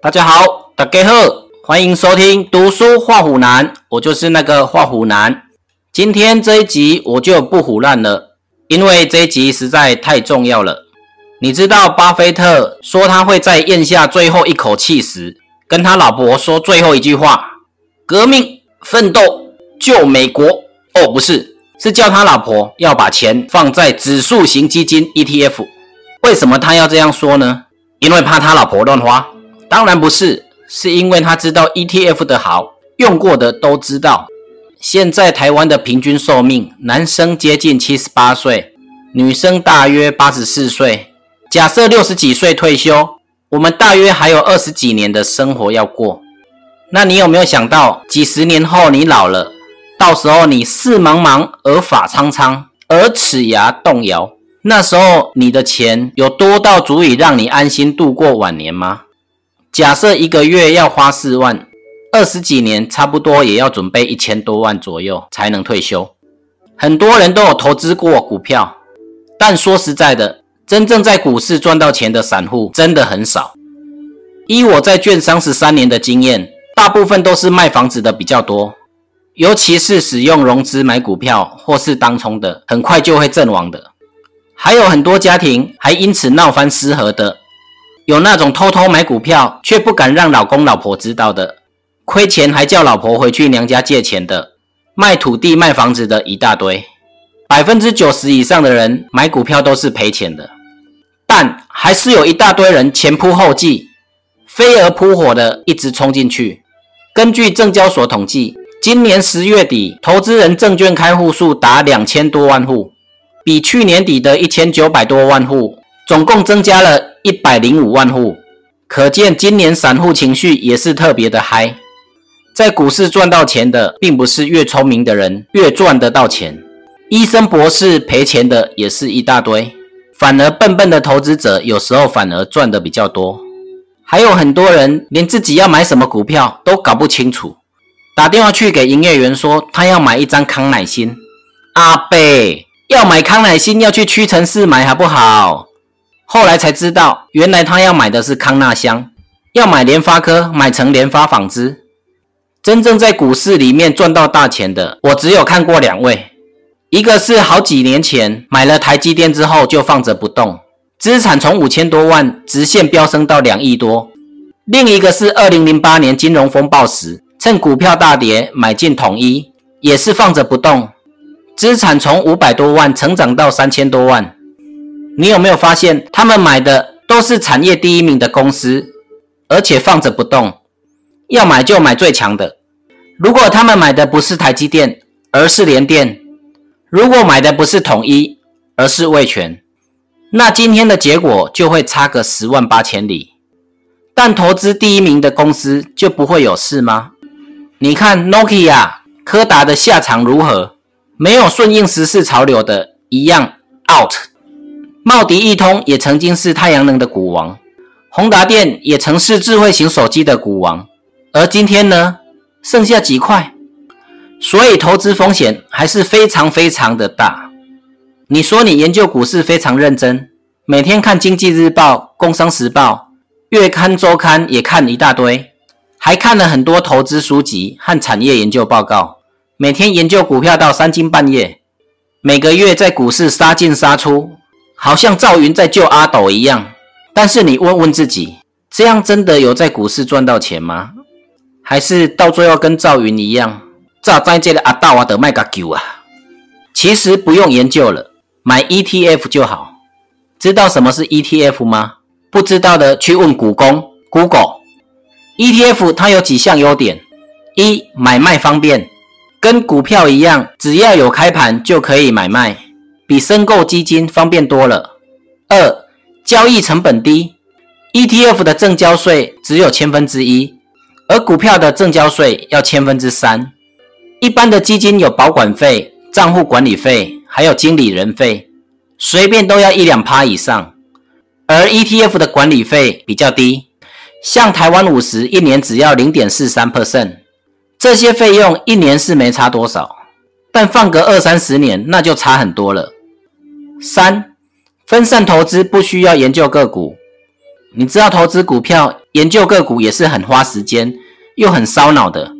大家好，大家好，歡迎收聽讀書畫虎難。我就是那個畫虎難。今天這一集我就不唬爛了，因為這一集實在太重要了。你知道巴菲特說他會在嚥下最後一口氣時，跟他老婆說最後一句話：“革命奮鬥救美國。”哦，不是，是叫他老婆要把錢放在指數型基金 ETF。為什麼他要這樣說呢？因為怕他老婆亂花。當然不是，是因為他知道 ETF 的好，用過的都知道。現在台灣的平均壽命，男生接近七十八歲，女生大約八十四歲。假設六十幾歲退休，我們大約還有二十幾年的生活要過。那你有沒有想到，幾十年後你老了，到時候你視茫茫，而髮蒼蒼，而齒牙動搖，那時候你的錢有多到足以讓你安心度過晚年嗎？假設一個月要花四萬，二十幾年差不多也要準備一千多萬左右才能退休。很多人都有投資過股票，但說實在的，真正在股市賺到錢的散戶真的很少。依我在券商十三年的經驗，大部分都是賣房子的比較多，尤其是使用融資買股票或是當沖的，很快就會陣亡的。還有很多家庭還因此鬧翻失和的。有那種偷偷買股票卻不敢讓老公老婆知道的，虧錢還叫老婆回去娘家借錢的，賣土地賣房子的一大堆90，百分之九十以上的人買股票都是賠錢的，但還是有一大堆人前仆後繼，飛蛾撲火的一直衝進去。根據證交所統計，今年十月底，投資人證券開戶數達兩千多萬戶，比去年底的一千九百多萬戶，總共增加了。一百零五萬戶，可見今年散戶情緒也是特別的嗨。在股市賺到錢的，並不是越聰明的人越賺得到錢，醫生博士賠錢的也是一大堆，反而笨笨的投資者有時候反而賺得比較多。還有很多人連自己要買什麼股票都搞不清楚，打電話去給營業員說他要買一張康乃馨。阿伯要買康乃馨要去屈臣氏買好不好？後來才知道，原來他要買的是康那香，要買聯發科，買成聯發紡織。真正在股市裡面賺到大錢的，我只有看過兩位，一個是好幾年前買了台積電之後就放着不動，資產從五千多萬直線飆升到兩億多；另一個是二零零八年金融風暴時，趁股票大跌買進統一，也是放着不動，資產從五百多萬成長到三千多萬。你有沒有發現，他們買的都是產業第一名的公司，而且放着不動，要買就買最強的。如果他們買的不是台積電，而是聯電；如果買的不是統一，而是味全，那今天的結果就會差個十萬八千里。但投資第一名的公司就不會有事嗎？你看 Nokia、柯達的下場如何？沒有順應時事潮流的，一樣 out。茂迪一通也曾經是太陽能的股王，宏達電也曾是智慧型手機的股王，而今天呢，剩下幾塊，所以投資風險還是非常非常的大。你說你研究股市非常認真，每天看《經濟日報》《工商時報》《月刊》《周刊》，也看了一大堆，還看了很多投資書籍和產業研究報告，每天研究股票到三更半夜，每個月在股市殺進殺出。好像趙雲在救阿斗一樣，但是你問問自己，這樣真的有在股市賺到錢嗎？還是到最後跟趙雲一樣，炸在這個阿斗啊，的賣個救啊？其實不用研究了，買 ETF 就好。知道什麼是 ETF 嗎？不知道的去問股工 Google。ETF 它有幾項優點：一、買賣方便，跟股票一樣，只要有開盤就可以買賣。比申購基金方便多了。二、交易成本低，ETF 的證交稅只有千分之一，而股票的證交稅要千分之三。一般的基金有保管費、賬戶管理費，還有經理人費，隨便都要一兩趴以上。而 ETF 的管理費比較低，像台灣五十一年只要零點四三 percent，這些費用一年是沒差多少，但放個二三十年那就差很多了。三、分散投資，不需要研究個股。你知道投資股票，研究個股也是很花時間又很燒腦的。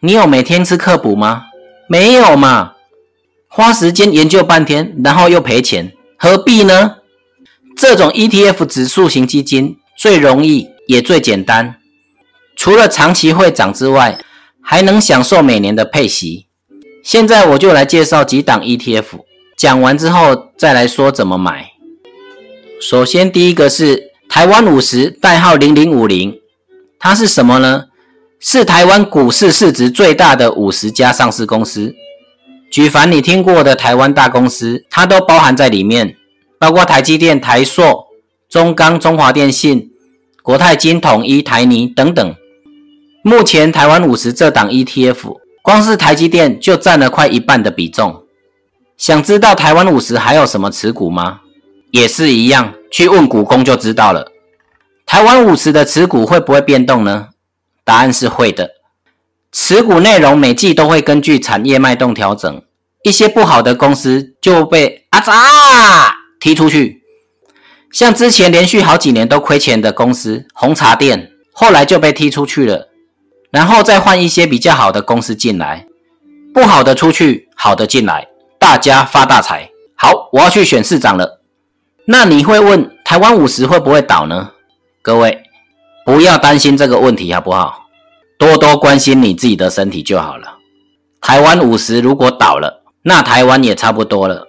你有每天吃課補嗎？沒有嘛，花時間研究半天，然後又賠錢，何必呢？這種 ETF 指數型基金最容易也最簡單，除了長期會漲之外，還能享受每年的配息。現在我就來介紹幾檔 ETF。講完之後，再來說怎麼買。首先，第一個是台灣五十，代號零零五零，它是什麼呢？是台灣股市市值最大的五十家上市公司，舉凡你聽過的台灣大公司，它都包含在裡面，包括台積電、台塑、中鋼、中華電信、國泰金、統一、台泥等等。目前台灣五十這檔 ETF，光是台積電就占了快一半的比重。想知道台灣五十還有什麼持股嗎？也是一樣，去問股工就知道了。台灣五十的持股會不會變動呢？答案是會的。持股內容每季都會根據產業脈動調整，一些不好的公司就被啊啊踢出去。像之前連續好幾年都虧錢的公司紅茶店，後來就被踢出去了，然後再換一些比較好的公司進來，不好的出去，好的進來。大家發大財！好，我要去選市長了。那你會問，台灣五十會不會倒呢？各位不要擔心這個問題，好不好？多多關心你自己的身體就好了。台灣五十如果倒了，那台灣也差不多了。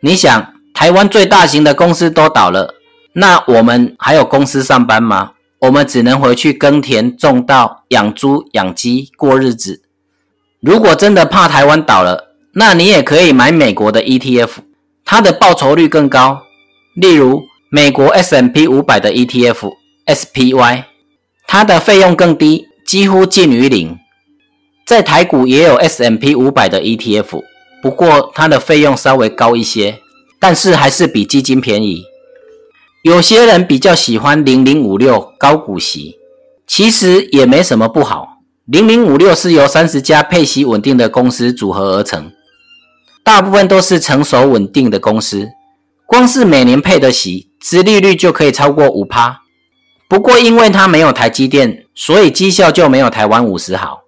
你想，台灣最大型的公司都倒了，那我們還有公司上班嗎？我們只能回去耕田、種稻、養豬、養雞過日子。如果真的怕台灣倒了，那你也可以買美國的 ETF，它的報酬率更高。例如，美國 S&P 五百的 ETF，SPY，它的費用更低，幾乎近於零。在台股也有 S&P 五百的 ETF，不過它的費用稍微高一些，但是還是比基金便宜。有些人比較喜歡零零五六高股息，其實也沒什麼不好。零零五六是由三十家配息穩定的公司組合而成。大部分都是成熟穩定的公司，光是每年配的息，殖利率就可以超過五趴。不過因為它沒有台積電，所以績效就沒有台灣五十好。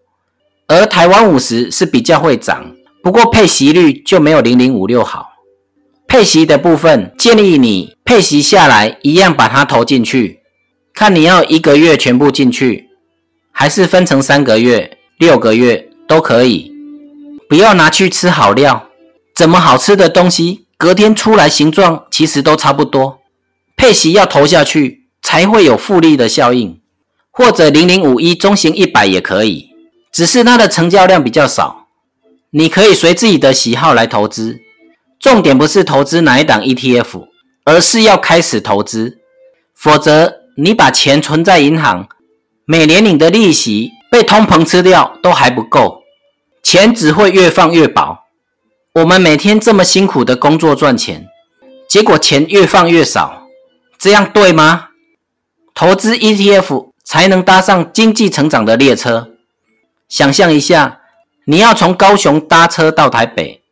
而台灣五十是比較會漲，不過配息率就沒有零零五六好。配息的部分，建議你配息下來一樣把它投進去，看你要一個月全部進去，還是分成三個月、六個月都可以，不要拿去吃好料。怎麼好吃的東西，隔天出來形狀其實都差不多。配息要投下去，才會有複利的效應。或者零零五一中型一百也可以，只是它的成交量比較少。你可以隨自己的喜好來投資，重點不是投資哪一檔 ETF，而是要開始投資。否則，你把錢存在銀行，每年領的利息被通膨吃掉都還不夠，錢只會越放越薄。我們每天這麼辛苦的工作賺錢，結果錢越放越少，這樣對嗎？投資 ETF 才能搭上經濟成長的列車。想象一下，你要從高雄搭車到台北，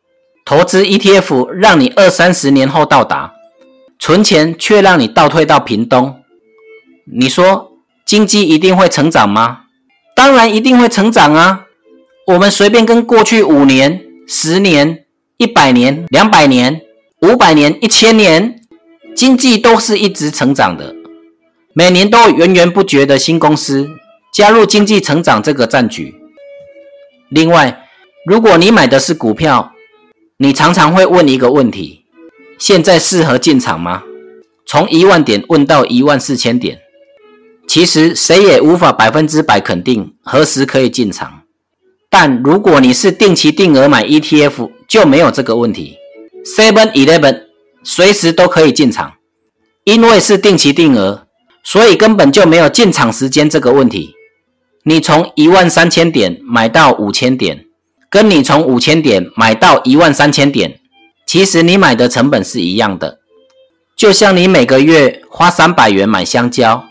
投資 ETF 讓你二三十年後到達，存錢卻讓你倒退到屏東。你說經濟一定會成長嗎？當然一定會成長啊！我們隨便跟過去五年、十年。一百年、兩百年、五百年、一千年，經濟都是一直成長的，每年都源源不絕的新公司加入經濟成長這個戰局。另外，如果你買的是股票，你常常會問一個問題：現在適合進場嗎？從一萬點問到一萬四千點，其實誰也無法百分之百肯定何時可以進場。但如果你是定期定額買 ETF，就沒有這個問題。Seven Eleven 隨時都可以進場，因為是定期定額，所以根本就沒有進場時間這個問題。你從一萬三千點買到五千點，跟你從五千點買到一萬三千點，其實你買的成本是一樣的。就像你每個月花三百元買香蕉，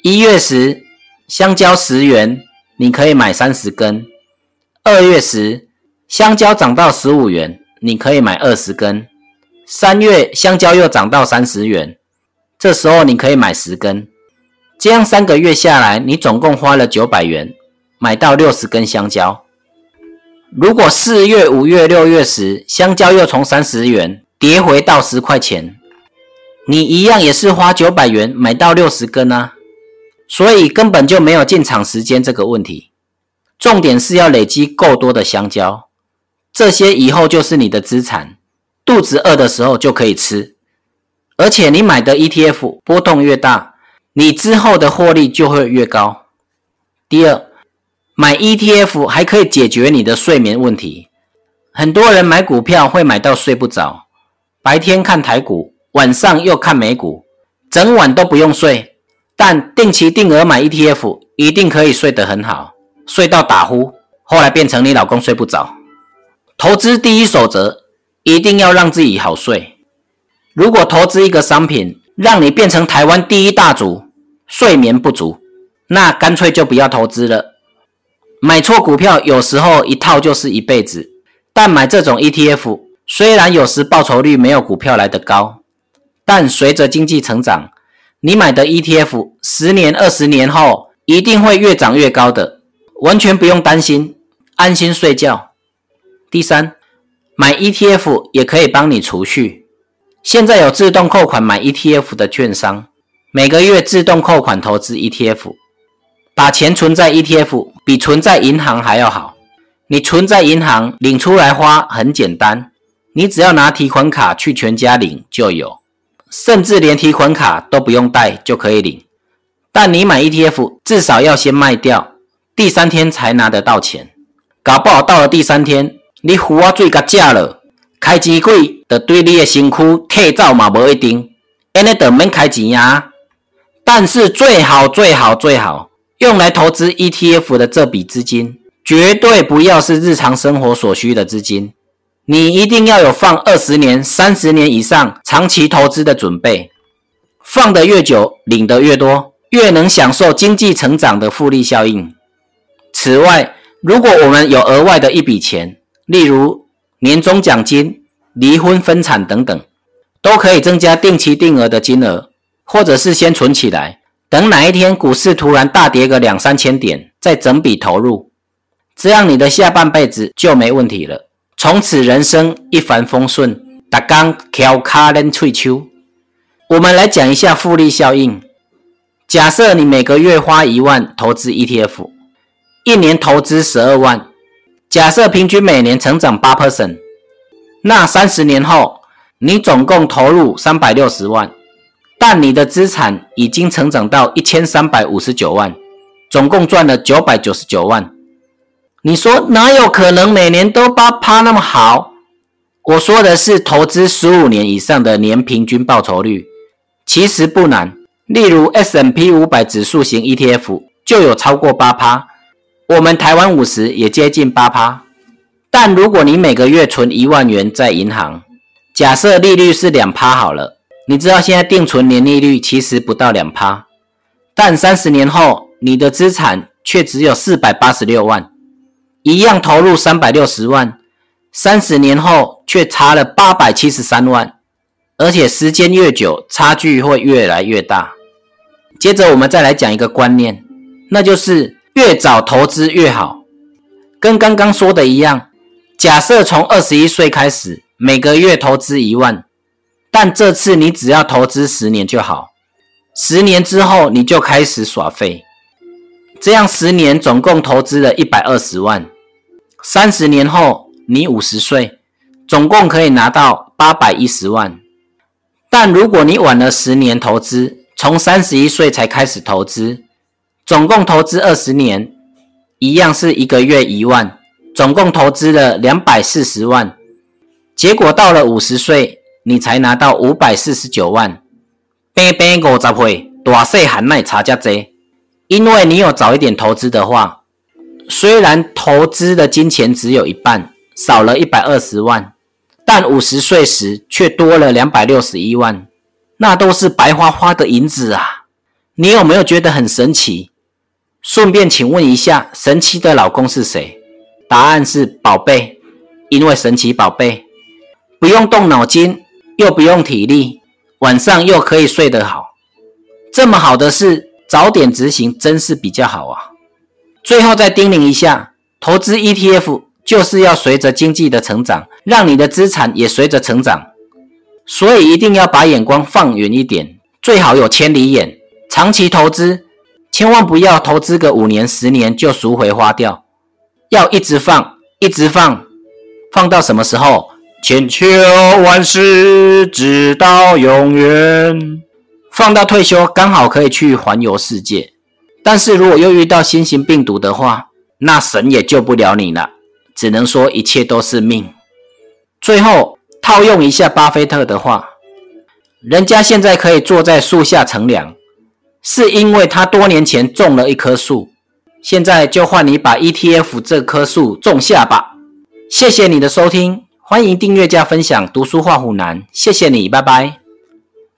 一月時香蕉十元，你可以買三十根。二月時，香蕉漲到十五元，你可以買二十根。三月香蕉又漲到三十元，這時候你可以買十根。這樣三個月下來，你總共花了九百元，買到六十根香蕉。如果四月、五月、六月時，香蕉又從三十元跌回到十塊錢，你一樣也是花九百元買到六十根啊。所以根本就沒有進場時間這個問題，重點是要累積夠多的香蕉。這些以後就是你的資產，肚子餓的時候就可以吃。而且你買的 ETF 波動越大，你之後的獲利就會越高。第二，買 ETF 還可以解決你的睡眠問題。很多人買股票會買到睡不着，白天看台股，晚上又看美股，整晚都不用睡。但定期定額買 ETF，一定可以睡得很好，睡到打呼，後來變成你老公睡不着。投資第一守則，一定要讓自己好睡。如果投資一個商品讓你變成台灣第一大族，睡眠不足，那乾脆就不要投資了。買錯股票有時候一套就是一輩子，但買這種 ETF，雖然有時報酬率沒有股票來得高，但隨着經濟成長，你買的 ETF 十年、二十年後一定會越漲越高的，完全不用擔心，安心睡覺。第三，買 ETF 也可以幫你儲蓄。現在有自動扣款買 ETF 的券商，每個月自動扣款投資 ETF，把錢存在 ETF 比存在銀行還要好。你存在銀行領出來花很簡單，你只要拿提款卡去全家領就有，甚至連提款卡都不用帶就可以領。但你買 ETF 至少要先賣掉，第三天才拿得到錢，搞不好到了第三天。你付我最高價了，開機會的對你個身軀退造嘛無一定，安尼着免開機呀。但是最好最好最好用來投資 ETF 的這筆資金，絕對不要是日常生活所需的資金。你一定要有放二十年、三十年以上長期投資的準備。放得越久，領得越多，越能享受經濟成長的複利效應。此外，如果我們有額外的一筆錢，例如年終獎金、離婚分產等等，都可以增加定期定額的金額，或者是先存起來，等哪一天股市突然大跌個兩三千點，再整筆投入，這樣你的下半輩子就沒問題了，從此人生一帆風順。大剛，翹腳捻嘴鬚。我們來講一下複利效應。假設你每個月花一萬投資 ETF，一年投資十二萬。假設平均每年成長八趴，那三十年後，你總共投入三百六十萬，但你的資產已經成長到一千三百五十九萬，總共賺了九百九十九萬。你說哪有可能每年都八趴那麼好？我說的是投資十五年以上的年平均報酬率，其實不難。例如 S&P 五百指數型 E T F 就有超過八趴。我們台灣五十，也接近八趴。但如果你每個月存一萬元在銀行，假設利率是兩趴好了，你知道現在定存年利率其實不到兩趴，但三十年後你的資產卻只有四百八十六萬，一樣投入三百六十萬，三十年後卻差了八百七十三萬，而且時間越久差距會越來越大。接着我們再來講一個觀念，那就是。越早投資越好，跟剛剛說的一樣。假設從二十一歲開始，每個月投資一萬，但這次你只要投資十年就好。十年之後你就開始耍廢，這樣十年總共投資了一百二十萬。三十年後你五十歲，總共可以拿到八百一十萬。但如果你晚了十年投資，從三十一歲才開始投資。總共投資二十年，一樣是一個月一萬，總共投資了兩百四十萬。結果到了五十歲，你才拿到五百四十九萬。百百五十歲，大小怎麼差這麼多？因為你有早一點投資的話，雖然投資的金錢只有一半，少了一百二十萬，但五十歲時卻多了兩百六十一萬，那都是白花花的銀子啊！你有沒有覺得很神奇？順便請問一下，神奇的老公是誰？答案是寶貝，因為神奇寶貝不用動腦筋，又不用體力，晚上又可以睡得好。這麼好的事，早點執行真是比較好啊！最後再叮嚀一下，投資 ETF 就是要隨着經濟的成長，讓你的資產也隨着成長，所以一定要把眼光放遠一點，最好有千里眼，長期投資。千萬不要投資個五年十年就贖回花掉，要一直放一直放，放到什麼時候？千秋萬世，直到永遠。放到退休剛好可以去環遊世界。但是如果又遇到新型病毒的話，那神也救不了你了，只能說一切都是命。最後套用一下巴菲特的話，人家現在可以坐在樹下乘涼。是因為他多年前種了一棵樹，現在就換你把 ETF 這棵樹種下吧。謝謝你的收聽，歡迎訂閱加分享。讀書畫虎男，謝謝你，拜拜。